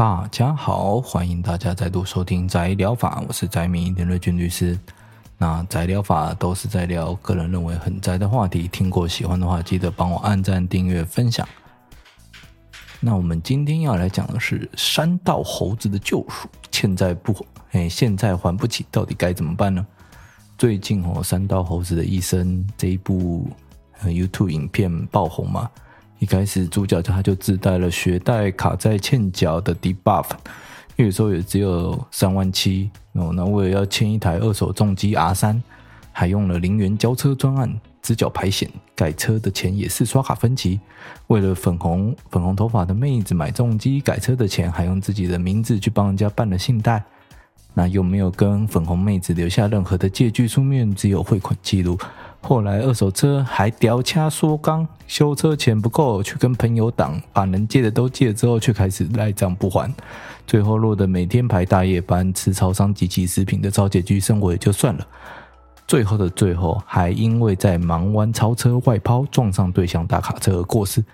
大家好，歡迎大家再度收聽宅聊法，我是宅米林瑞俊律師。那宅聊法都是在聊個人認為很宅的話題，聽過喜歡的話，記得幫我按讚、訂閱、分享。那我們今天要來講的是《山道猴子的救贖》，欠債不還，哎，欠債還不起，到底該怎麼辦呢？最近哦，《山道猴子的一生》這一部 YouTube 影片爆紅嘛。一開始，主角就他就自帶了學貸卡在欠繳的 debuff，因為月收也只有三萬七哦，那為了要簽一台二手重機 R 三，還用了零元交車專案，直角排險，改車的錢也是刷卡分期，為了粉紅粉紅頭髮的妹子買重機改車的錢，還用自己的名字去幫人家辦了信貸。那又沒有跟粉紅妹子留下任何的借據，書面只有匯款記錄。後來二手車還掉漆縮缸，修車錢不夠，去跟朋友擋把能借的都借了之後，卻開始賴賬不還。最後落得每天排大夜班、吃超商即期食品的超拮据生活也就算了。最後的最後，還因為在盲彎超車外拋撞上對向大卡車而過世。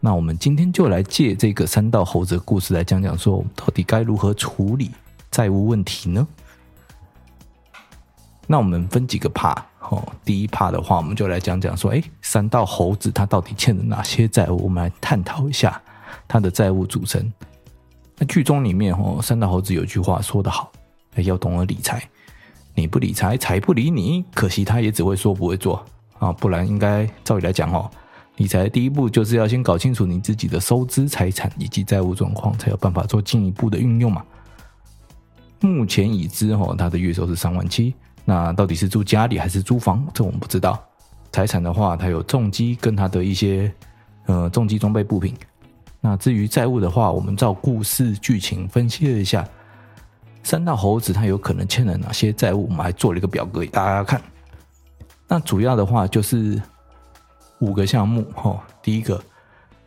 那我們今天就來借這個山道猴子的故事來講講，說我們到底該如何處理。債務問題呢？那我們分幾個趴。哦。第一趴的話，我們就來講講說、欸，山道猴子他到底欠了哪些債務？我們來探討一下他的債務組成。那劇中裡面哦，山道猴子有一句話說得好，欸、要懂得理財，你不理財，財不理你。可惜他也只會說不會做啊，不然應該照理來講哦，理財第一步就是要先搞清楚你自己的收支、財產以及債務狀況，才有辦法做進一步的運用嘛。目前已知哈、哦，他的月收是三萬七。那到底是住家裡還是租房？這我們不知道。財產的話，他有重機跟他的一些呃重機裝備物品。那至於債務的話，我們照故事劇情分析了一下，山道猴子他有可能欠了哪些債務，我們還做了一個表格給大家看。那主要的話就是五個項目哈、哦，第一個，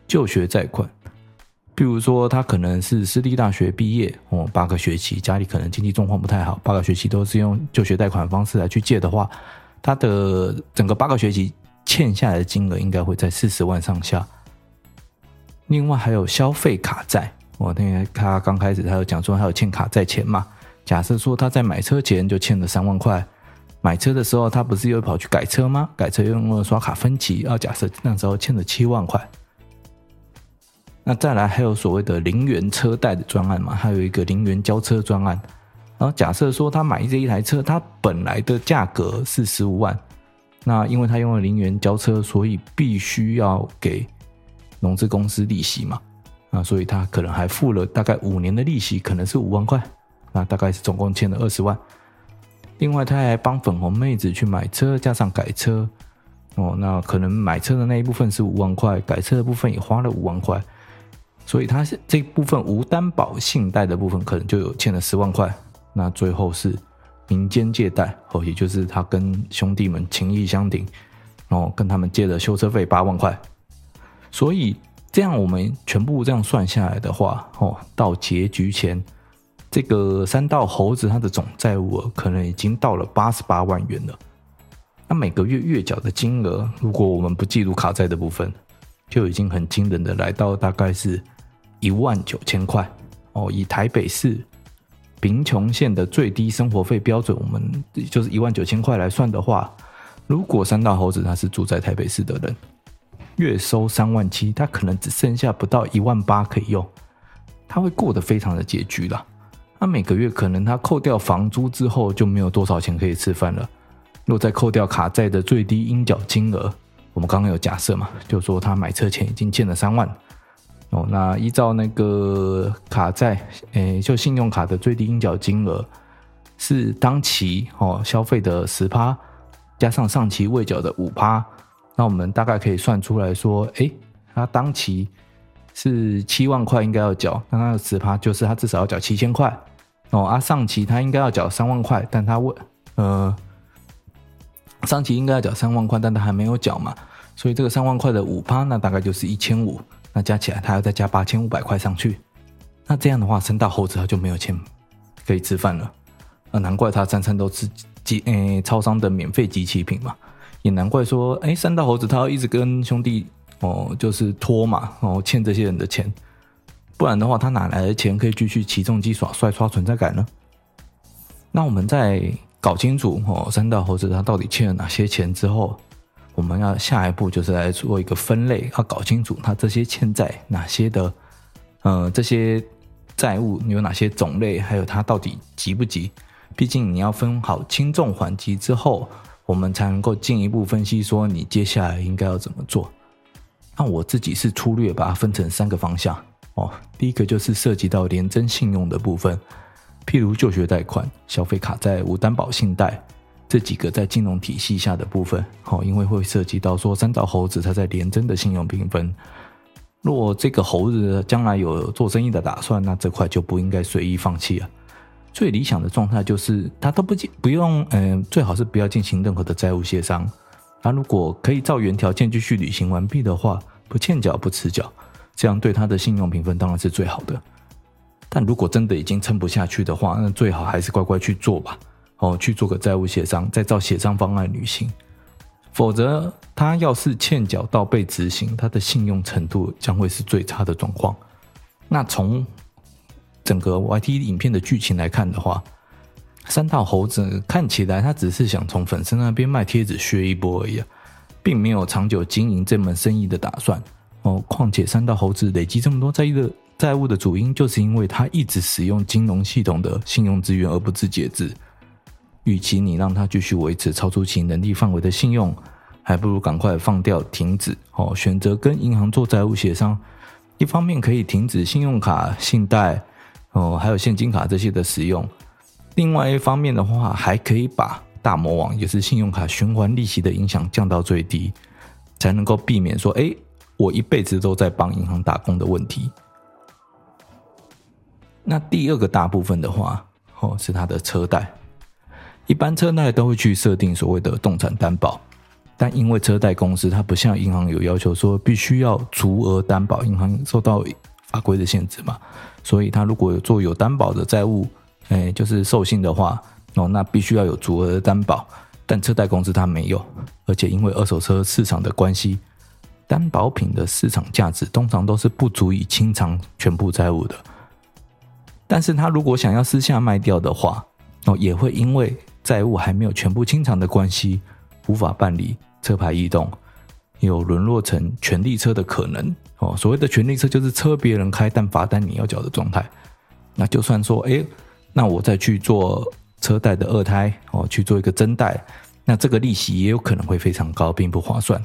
就學貸款。比如說，他可能是私立大學畢業，哦，八個學期，家裡可能經濟狀況不太好，八個學期都是用就學貸款方式來去借的話，他的整個八個學期欠下來的金額應該會在四十萬上下。另外還有消費卡債，哦，他、那個、他剛開始他就講說他有欠卡債錢嘛。假設說他在買車前就欠了三萬塊，買車的時候他不是又跑去改車嗎？改車又用了刷卡分期，哦，假設那時候欠了七萬塊。那再來還有所謂的零元車貸的專案嘛，還有一個零元交車專案。然後假設說他買這一台車，他本來的價格是十五萬，那因為他用了零元交車，所以必須要給融資公司利息嘛，啊，所以他可能還付了大概五年的利息，可能是五萬塊，那大概是總共欠了二十萬。另外他還幫粉紅妹子去買車，加上改車，哦，那可能買車的那一部分是五萬塊，改車的部分也花了五萬塊。所以他是這部分無擔保信貸的部分，可能就有欠了十萬塊。那最後是民間借貸，哦，也就是他跟兄弟們情義相挺，然後跟他們借了修車費八萬塊。所以這樣我們全部這樣算下來的話，哦，到結局前，這個山道猴子他的總債務可能已經到了八十八萬元了。那每個月月繳的金額，如果我們不記錄卡債的部分，就已經很驚人的來到大概是。一萬九千塊哦，以台北市貧窮線的最低生活費標準，我們就是一萬九千塊來算的話，如果山道猴子他是住在台北市的人，月收三萬七，他可能只剩下不到一萬八可以用，他會過得非常的拮据啦，他每個月可能他扣掉房租之後就沒有多少錢可以吃飯了。若再扣掉卡債的最低應繳金額，我們剛剛有假設嘛，就說他買車前已經欠了三萬。哦，那依照那個卡債，誒，就信用卡的最低應繳金額是當期哦消費的十趴加上上期未繳的五趴，那我們大概可以算出來說，誒，他當期是七萬塊應該要繳，那他的十趴就是他至少要繳七千塊哦，啊，上期他應該要繳三萬塊，但他未呃，上期應該要繳三萬塊，但他還沒有繳嘛，所以這個三萬塊的五趴，那大概就是一千五。那加起來，他要再加八千五百塊上去，那這樣的話，山道猴子他就沒有錢可以吃飯了。那難怪他餐餐都吃即誒，超商的免費即期品嘛。也難怪說，哎、欸，山道猴子他要一直跟兄弟哦，就是拖嘛，哦，欠這些人的錢，不然的話，他哪來的錢可以繼續騎重機耍帥、刷存在感呢？那我們在搞清楚哦，山道猴子他到底欠了哪些錢之後。我們要下一步就是來做一個分類，要搞清楚它這些欠債哪些的，呃，這些債務有哪些種類，還有它到底急不急？畢竟你要分好輕重緩急之後，我們才能夠進一步分析說你接下來應該要怎麼做。那我自己是粗略把它分成三個方向哦，第一個就是涉及到聯徵信用的部分，譬如就學貸款、消費卡債、無擔保信貸。這幾個在金融體系下的部分，好，因為會涉及到說山道猴子他在聯徵的信用評分。若這個猴子將來有做生意的打算，那這塊就不應該隨意放棄啊。最理想的狀態就是他都不不用，嗯、呃，最好是不要進行任何的債務協商。他如果可以照原條件繼續履行完畢的話，不欠繳、不遲繳，這樣對他的信用評分當然是最好的。但如果真的已經撐不下去的話，那最好還是乖乖去做吧。哦，去做個債務協商，再照協商方案履行，否則他要是欠繳到被執行，他的信用程度將會是最差的狀況。那從整個 YT 影片的劇情來看的話，山道猴子看起來他只是想從粉絲那邊賣貼紙削一波而已，並沒有長久經營這門生意的打算。哦，況且山道猴子累積這麼多債務債務的主因，就是因為他一直使用金融系統的信用資源而不知節制。與其你讓他繼續維持超出其能力範圍的信用，還不如趕快放掉、停止哦，選擇跟銀行做債務協商。一方面可以停止信用卡、信貸哦，還有現金卡這些的使用；另外一方面的話，還可以把大魔王，也是信用卡循環利息的影響降到最低，才能夠避免說，哎，我一輩子都在幫銀行打工的問題。那第二個大部分的話，哦，是他的車貸。一般車貸都會去設定所謂的動產擔保，但因為車貸公司它不像銀行有要求說必須要足額擔保，銀行受到法規的限制嘛，所以它如果做有擔保的債務，哎、欸，就是授信的話，哦，那必須要有足額的擔保。但車貸公司它沒有，而且因為二手車市場的關係，擔保品的市場價值通常都是不足以清償全部債務的。但是它如果想要私下賣掉的話，哦，也會因為債務還沒有全部清償的關係，無法辦理車牌異動，有淪落成權利車的可能哦。所謂的權利車就是車別人開，但罰單你要繳的狀態。那就算說，哎、欸，那我再去做車貸的二胎哦，去做一個增貸，那這個利息也有可能會非常高，並不划算。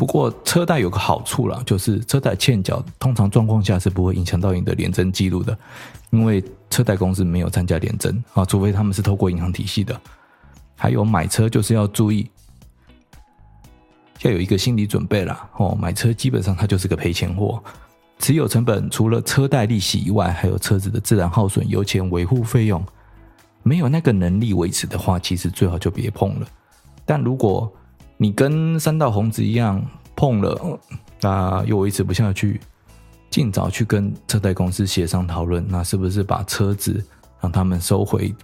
不過車貸有個好處啦，就是車貸欠繳通常狀況下是不會影響到你的聯徵記錄的，因為車貸公司沒有參加聯徵啊、哦，除非他們是透過銀行體系的。還有買車就是要注意，要有一個心理準備啦，哦，買車基本上它就是個賠錢貨，持有成本除了車貸利息以外，還有車子的自然耗損、油錢、維護費用，沒有那個能力維持的話，其實最好就別碰了。但如果你跟山道猴子一樣碰了，那、啊、又維持不下去，盡早去跟車貸公司協商討論，那是不是把車子讓他們收回，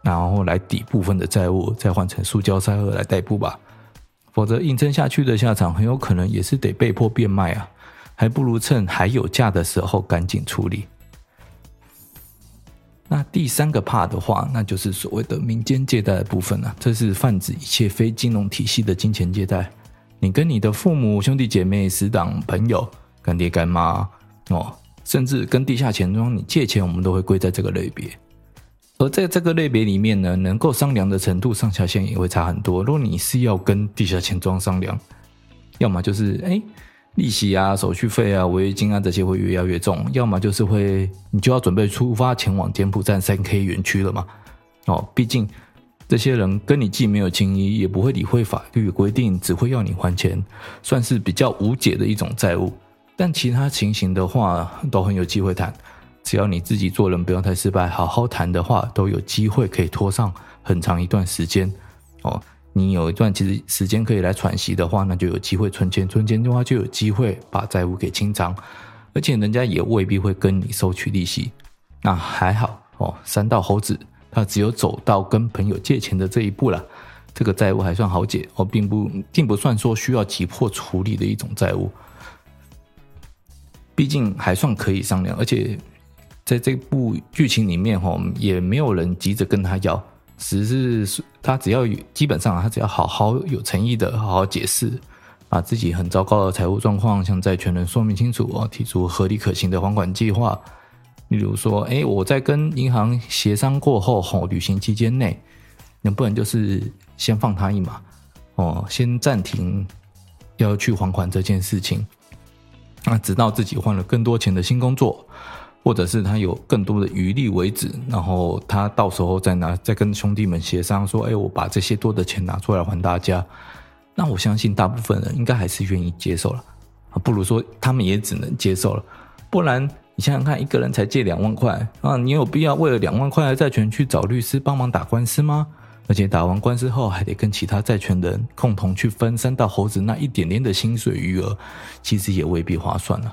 然後來抵部分的債務，再換成塑膠車殼來代步吧？否則硬撐下去的下場，很有可能也是得被迫變賣啊！還不如趁還有價的時候趕緊處理。那第三個 part 的話，那就是所謂的民間借貸的部分啊，這是泛指一切非金融體系的金錢借貸。你跟你的父母、兄弟姐妹、死黨、朋友、乾爹、乾媽哦，甚至跟地下錢莊，你借錢，我們都會歸在這個類別。而在這個類別裡面呢，能夠商量的程度上下限也會差很多。如果你是要跟地下錢莊商量，要麼就是誒利息啊、手續費啊、違約金啊，這些會越壓越重。要麼就是會，你就要準備出發前往柬埔寨三 K 園區了嘛。哦，畢竟這些人跟你既沒有情誼，也不會理會法律規定，只會要你還錢，算是比較無解的一種債務。但其他情形的話，都很有機會談。只要你自己做人不要太失敗，好好談的話，都有機會可以拖上很長一段時間。哦。你有一段其實時間可以來喘息的話，那就有機會存錢，存錢的話就有機會把債務給清償，而且人家也未必會跟你收取利息。那還好哦，山道猴子他只有走到跟朋友借錢的這一步了，這個債務還算好解，哦，並不並不算說需要急迫處理的一種債務，畢竟還算可以商量，而且在這部劇情裡面，哈、哦，也沒有人急着跟他要。只是他只要有，基本上他只要好好有誠意的好好解釋，把自己很糟糕的財務狀況向債權人說明清楚哦，提出合理可行的還款計劃。例如說，哎、欸，我在跟銀行協商過後吼，履行期間內，能不能就是先放他一馬哦，先暫停要去還款這件事情，那、啊，直到自己換了更多錢的新工作。或者是他有更多的餘力為止，然後他到時候再拿，再跟兄弟們協商說：“哎，我把這些多的錢拿出來還大家。”那我相信大部分人應該還是願意接受了。不如說他們也只能接受了。不然，你想想看，一個人才借兩萬塊，啊，你有必要為了兩萬塊的債權去找律師幫忙打官司嗎？而且打完官司後，還得跟其他債權人共同去分山道猴子那一點點的薪水餘額，其實也未必划算了。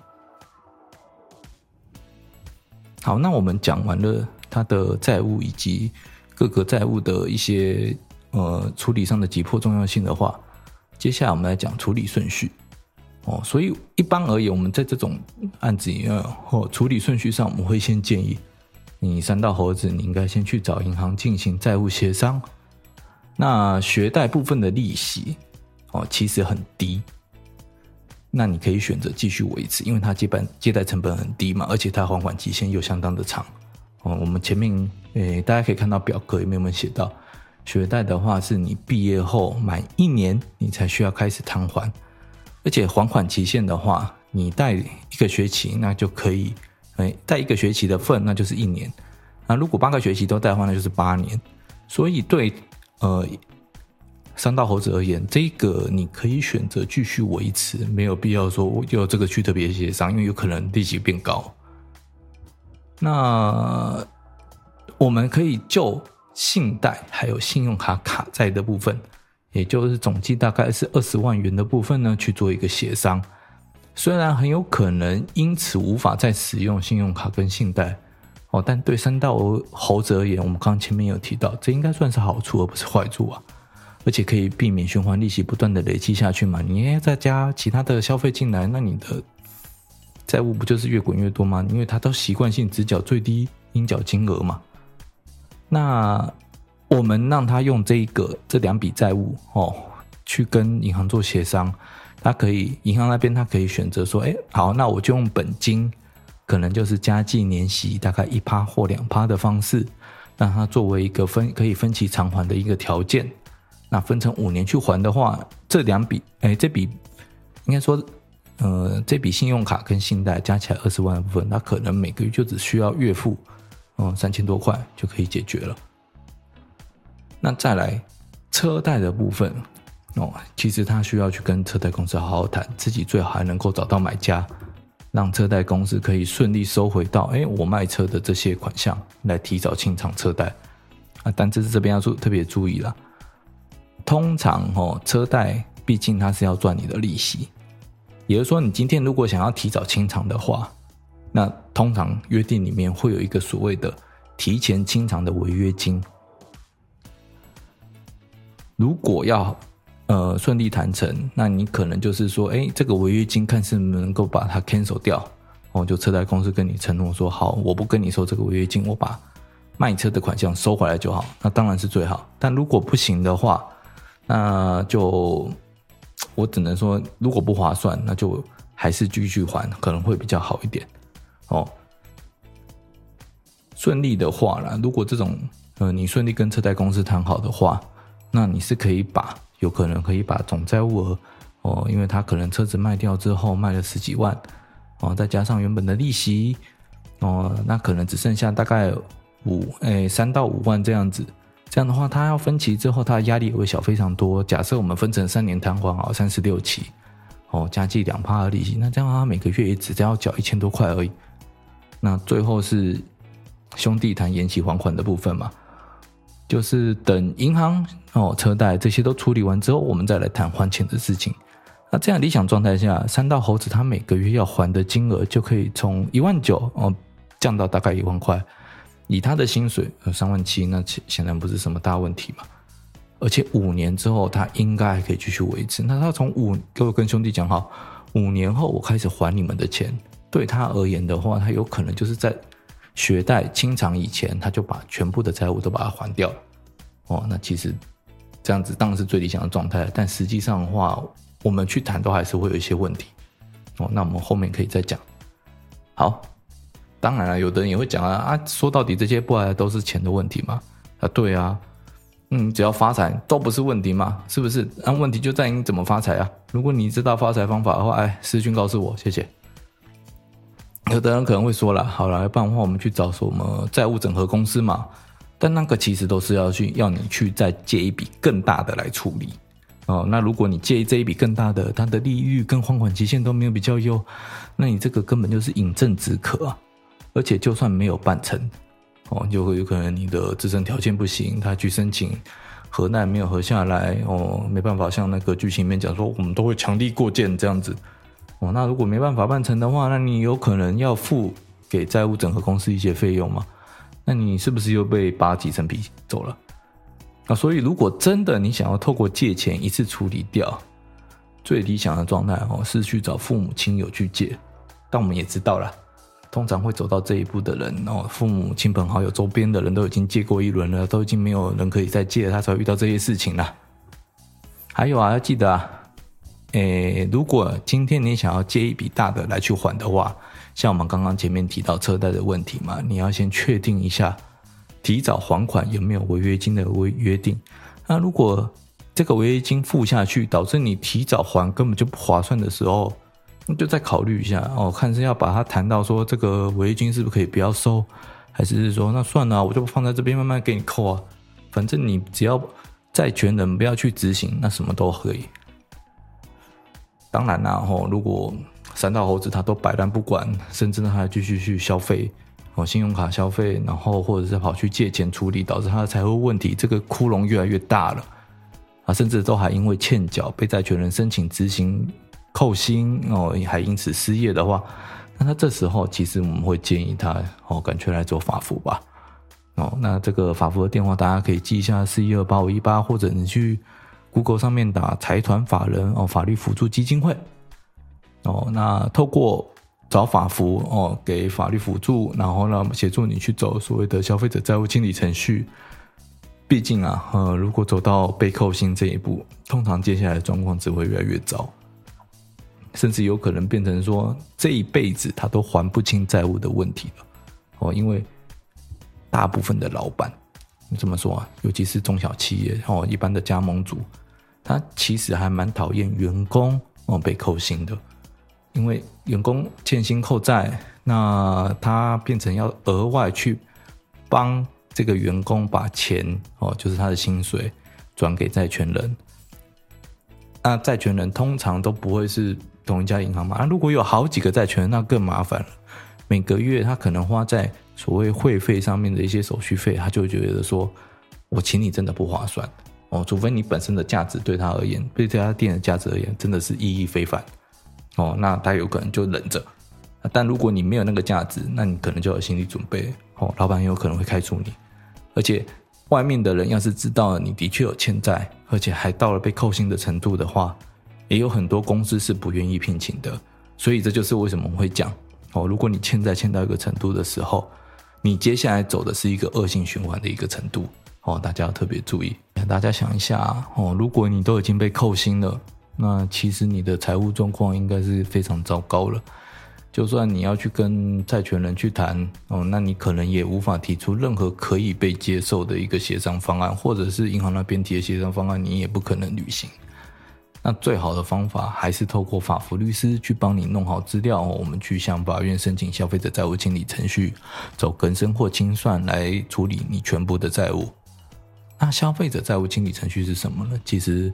好，那我們講完了它的債務以及各個債務的一些呃處理上的急迫重要性的話，接下來我們來講處理順序。哦，所以一般而言，我們在這種案子銀行、哦、處理順序上，我們會先建議你三道猴子，你應該先去找銀行進行債務協商。那學貸部分的利息哦，其實很低。那你可以選擇繼續維持，因為它基本借貸成本很低嘛，而且它還款期限又相當的長。哦，我們前面誒，大家可以看到表格裡面有沒有寫到，學貸的話是你畢業後滿一年，你才需要開始償還，而且還款期限的話，你貸一個學期，那就可以，誒，貸一個學期的份，那就是一年。那如果八個學期都貸的話，那就是八年。所以對，呃。山道猴子而言，這個你可以選擇繼續維持，沒有必要說我要這個去特別協商，因為有可能利息變高。那我們可以就信貸還有信用卡卡債的部分，也就是總計大概是二十萬元的部分呢，去做一個協商。雖然很有可能因此無法再使用信用卡跟信貸，哦，但對山道猴子而言，我們剛剛前面有提到，這應該算是好處而不是壞處啊。而且可以避免循環利息不斷的累積下去嘛。你再加其他的消費進來，那你的債務不就是越滾越多嗎？因為他都習慣性只繳最低應繳金額嘛。那我們讓他用這一個這兩筆債務哦，去跟銀行做協商，他可以銀行那邊他可以選擇說，哎、欸，好，那我就用本金，可能就是加計年息大概一趴或兩趴的方式，讓他作為一個分可以分期償還的一個條件。那分成五年去還的話，這兩筆，哎，這筆應該說，呃，這筆信用卡跟信貸加起來二十萬的部分，那可能每個月就只需要月付，嗯、哦，三千多塊就可以解決了。那再來車貸的部分，哦，其實他需要去跟車貸公司好好談，自己最好還能夠找到買家，讓車貸公司可以順利收回到，哎，我賣車的這些款項來提早清償車貸，啊，但這是這邊要注特別注意了。通常哦，車貸畢竟它是要賺你的利息，也就是說，你今天如果想要提早清償的話，那通常約定裡面會有一個所謂的提前清償的違約金。如果要呃順利談成，那你可能就是說，哎、欸，這個違約金看是能不能夠把它 cancel 掉，哦，就車貸公司跟你承諾說，好，我不跟你收這個違約金，我把賣車的款項收回來就好，那當然是最好。但如果不行的話，那就我只能說，如果不划算，那就還是繼續還，可能會比較好一點哦。順利的話啦，如果這種，呃，你順利跟車貸公司談好的話，那你是可以把，有可能可以把總債務額哦，因為他可能車子賣掉之後賣了十幾萬哦，再加上原本的利息哦，那可能只剩下大概五，哎，三到五萬這樣子。這樣的話，他要分期之後，他的壓力會小非常多。假設我們分成三年攤還哦，三十六期哦，加計兩趴的利息，那這樣的話，每個月也只要繳一千多塊而已。那最後是兄弟談延期還款的部分嘛，就是等銀行哦、車貸這些都處理完之後，我們再來談還錢的事情。那這樣理想狀態下，山道猴子他每個月要還的金額就可以從一萬九哦降到大概一萬塊。以他的薪水呃三萬七，那顯顯然不是什麼大問題嘛，而且五年之後他應該還可以繼續維持。那他從五，各位跟兄弟講好，五年後我開始還你們的錢。對他而言的話，他有可能就是在學貸清償以前，他就把全部的債務都把它還掉。哦，那其實這樣子當然是最理想的狀態，但實際上的話，我們去談都還是會有一些問題。哦，那我們後面可以再講。好。當然了，有的人也會講啊，啊說到底這些不外都是錢的問題嘛啊，對啊，嗯，只要發財都不是問題嘛，是不是？那、啊、問題就在你怎麼發財啊？如果你知道發財方法的話，哎，私訊告訴我，謝謝。有的人可能會說了，好了，不然的話我們去找什麼債務整合公司嘛？但那個其實都是要去要你去再借一筆更大的來處理哦，那如果你借這一筆更大的，它的利率跟還款期限都沒有比較優，那你這個根本就是飲鴆止渴、啊而且就算沒有辦成，哦，就會有可能你的自身條件不行，他去申請核貸沒有核下來，哦，沒辦法，像那個劇情裡面講說，我們都會強力過件這樣子，哦，那如果沒辦法辦成的話，那你有可能要付給債務整合公司一些費用嗎？那你是不是又被扒幾層皮走了？那所以如果真的你想要透過借錢一次處理掉，最理想的狀態哦，是去找父母親友去借，但我們也知道了。通常會走到這一步的人哦，父母親朋好友周邊的人都已經借過一輪了，都已經沒有人可以再借了，他才會遇到這些事情啦。還有啊，要記得啊，誒，如果今天你想要借一筆大的來去還的話，像我們剛剛前面提到車貸的問題嘛，你要先確定一下，提早還款有沒有違約金的違約定。那如果這個違約金付下去，導致你提早還根本就不划算的時候。那就再考慮一下哦，看是要把他談到說這個違約金是不是可以不要收，還是就是說那算了，啊，我就放在這邊慢慢給你扣啊。反正你只要債權人不要去執行，那什麼都可以。當然啦，啊，吼、哦，如果山道猴子他都擺爛不管，甚至呢他還繼續去消費哦，信用卡消費，然後或者是跑去借錢處理，導致他的財務問題這個窟窿越來越大了啊，甚至都還因為欠繳被債權人申請執行。扣薪哦，還因此失業的話，那他這時候其實我們會建議他哦，趕緊來做法扶吧哦。那這個法扶的電話大家可以記一下四一二八五一八，或者你去 Google 上面打財團法人哦法律扶助基金會哦。那透過找法扶哦，給法律扶助，然後呢協助你去走所謂的消費者債務清理程序。畢竟啊，呃，如果走到被扣薪這一步，通常接下來的狀況只會越來越糟。甚至有可能變成說，這一輩子他都還不清債務的問題了，哦，因為大部分的老闆，你這麼說啊，尤其是中小企業哦，一般的加盟主，他其實還蠻討厭員工哦被扣薪的，因為員工欠薪扣債，那他變成要額外去幫這個員工把錢哦，就是他的薪水轉給債權人，那債權人通常都不會是。同一家銀行嘛，那如果有好幾個債權，那更麻煩了。每個月他可能花在所謂會費上面的一些手續費，他就覺得說，我請你真的不划算哦。除非你本身的價值對他而言，對這家店的價值而言，真的是意義非凡哦。那他有可能就忍着。但如果你沒有那個價值，那你可能就有心理準備哦。老闆也有可能會開除你，而且外面的人要是知道你的確有欠債，而且還到了被扣薪的程度的話。也有很多公司是不願意聘請的，所以這就是為什麼我會講哦。如果你欠債欠到一個程度的時候，你接下來走的是一個惡性循環的一個程度哦，大家要特別注意。大家想一下哦，如果你都已經被扣薪了，那其實你的財務狀況應該是非常糟糕了。就算你要去跟債權人去談哦，那你可能也無法提出任何可以被接受的一個協商方案，或者是銀行那邊提的協商方案，你也不可能履行。那最好的方法還是透過法扶律師去幫你弄好資料，我們去向法院申請消費者債務清理程序，走更生或清算來處理你全部的債務。那消費者債務清理程序是什麼呢？其實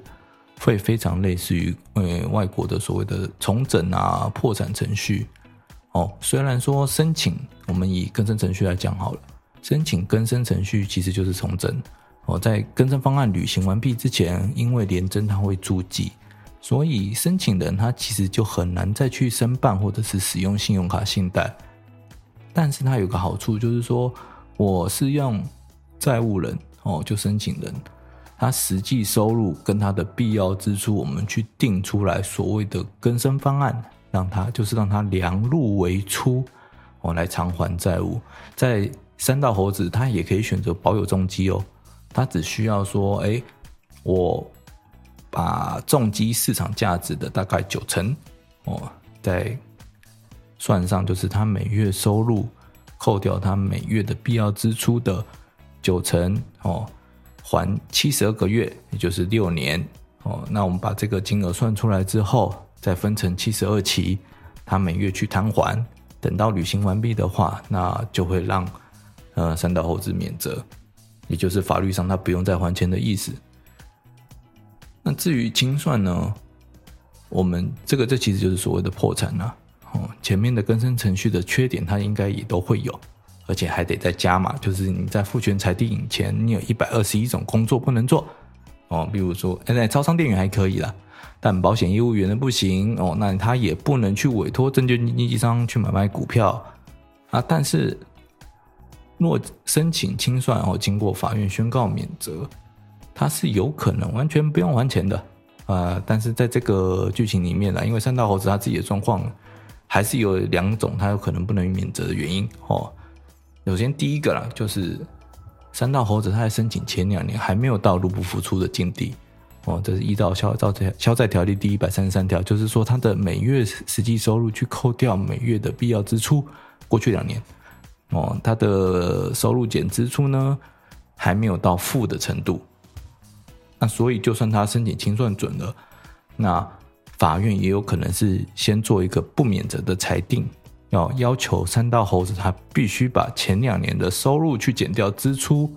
會非常類似於呃外國的所謂的重整啊破產程序哦。雖然說申請，我們以更生程序來講好了，申請更生程序其實就是重整哦。在更生方案履行完畢之前，因為聯徵他會注記。所以申請人他其實就很難再去申辦或者是使用信用卡、信貸，但是他有個好處就是說，我是用債務人哦，就申請人，他實際收入跟他的必要支出，我們去定出來所謂的更生方案，讓他就是讓他量入為出，我來償還債務。在山道猴子，他也可以選擇保有重機哦，他只需要說，哎，我把重機市場價值的大概九成哦，再算上就是他每月收入扣掉他每月的必要支出的九成哦，還七十二個月，也就是六年哦。那我們把這個金額算出來之後，再分成七十二期，他每月去攤還。等到履行完畢的話，那就會讓呃山道猴子免責，也就是法律上他不用再還錢的意思。那至於清算呢？我們這個這其實就是所謂的破產了哦。前面的更生程序的缺點，它應該也都會有，而且還得再加碼嘛。就是你在復權裁定以前，你有一百二十一種工作不能做哦。比如說，現在超商店員還可以了，但保險業務員的不行哦。那他也不能去委託證券經紀商去買賣股票啊。但是，若申請清算後，經過法院宣告免責。他是有可能完全不用還錢的，呃，但是在這個劇情裡面呢，因為山道猴子他自己的狀況還是有兩種，他有可能不能免責的原因哦。首先第一個啦，就是山道猴子他在申請前兩年還沒有到入不敷出的境地哦。這是依照消照債消債條例第一百三十三條，就是說他的每月實際收入去扣掉每月的必要支出，過去兩年哦，他的收入減支出呢還沒有到負的程度。那所以，就算他申請清算準了，那法院也有可能是先做一個不免責的裁定，要要求山道猴子他必須把前兩年的收入去減掉支出，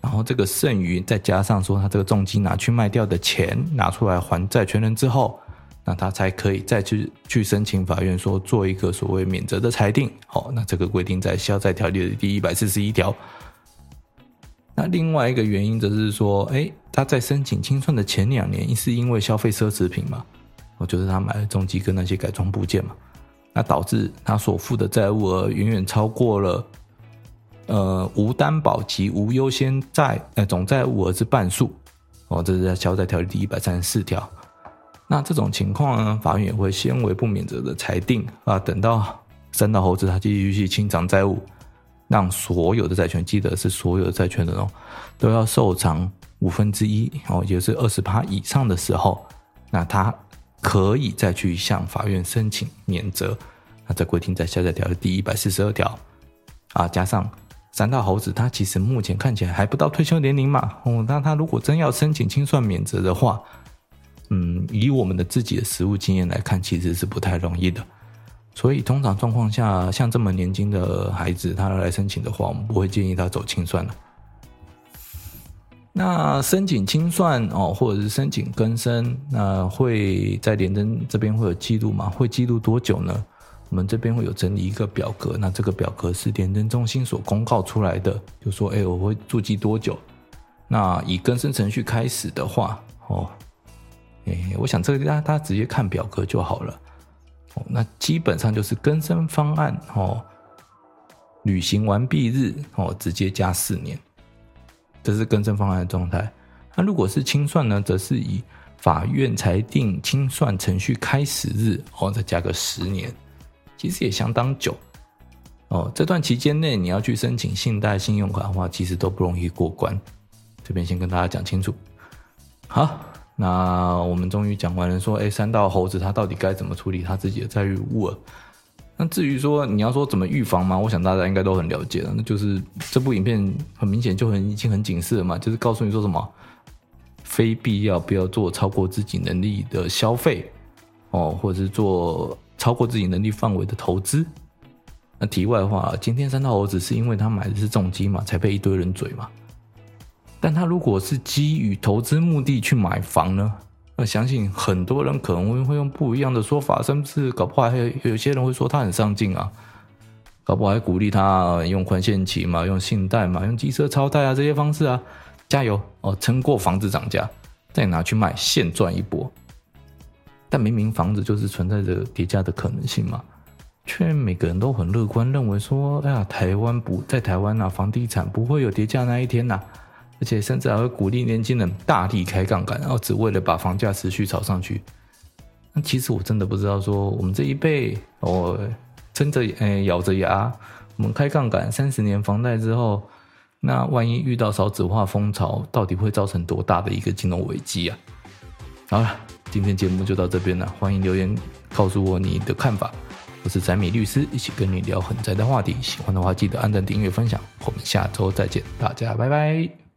然後這個剩餘再加上說他這個重機拿去賣掉的錢拿出來還債權人之後，那他才可以再去去申請法院說做一個所謂免責的裁定。好，那這個規定在消債條例的第一百四十一條。那另外一個原因則是說，哎，他在申請清算的前兩年，一是因為消費奢侈品嘛，哦，就是他買了重機跟那些改裝部件嘛，那導致他所負的債務額遠遠超過了，呃，無擔保及無優先債，呃，總債務額之半數。哦，這是他消債條例第一百三十四條。那這種情況呢，法院也會先為不免責的裁定啊，等到山道猴子他繼續去清償債務，讓所有的債權，記得是所有的債權人、哦、都要受償五分之一哦，也就是二十趴以上的時候，那他可以再去向法院申請免責。那這規定在消債條例的第一百四十二條啊，加上山道猴子，他其實目前看起來還不到退休年齡嘛哦，那他如果真要申請清算免責的話，嗯，以我們的自己的實務經驗來看，其實是不太容易的。所以通常狀況下，像這麼年輕的孩子，他來申請的話，我們不會建議他走清算的。那申請清算哦，或者是申請更生，那會在聯徵這邊會有記錄嗎？會記錄多久呢？我們這邊會有整理一個表格，那這個表格是聯徵中心所公告出來的，就說，哎，我會注記多久？那以更生程序開始的話，哦，哎，我想這個大家，大家直接看表格就好了。那基本上就是更生方案哦，履行完畢日哦，直接加四年，這是更生方案的狀態。那如果是清算呢，則是以法院裁定清算程序開始日哦，再加個十年，其實也相當久哦。這段期間內，你要去申請信貸、信用卡的話，其實都不容易過關。這邊先跟大家講清楚，好。那我們終於講完了，說，哎、欸，山道猴子他到底該怎麼處理他自己的債務了？那至於說你要說怎麼預防嘛，我想大家應該都很了解了，那就是這部影片很明顯就很已經很警示了嘛，就是告訴你說什麼非必要不要做超過自己能力的消費哦，或者是做超過自己能力範圍的投資。那題外的話，今天山道猴子是因為他買的是重機嘛，才被一堆人嘴嘛。但他如果是基於投資目的去買房呢？那相信很多人可能會用不一樣的說法，甚至搞不好還有有些人會說他很上進啊，搞不好還鼓勵他用寬限期嘛，用信貸嘛，用機車超貸啊這些方式啊，加油哦，撐過房子漲價再拿去賣，現賺一波。但明明房子就是存在着跌價的可能性嘛，卻每個人都很樂觀，認為說，哎呀，台灣不在台灣啊，房地產不會有跌價那一天吶、啊。而且甚至還會鼓勵年輕人大力開槓桿，然後只為了把房價持續炒上去。那其實我真的不知道，說我們這一輩我撐、哦、着誒，咬着牙，我們開槓桿三十年房貸之後，那萬一遇到少子化風潮，到底會造成多大的一個金融危機啊？好了，今天節目就到這邊了，歡迎留言告訴我你的看法。我是宅米律師，一起跟你聊很宅的話題。喜歡的話記得按讚、訂閱、分享。我們下周再見，大家拜拜。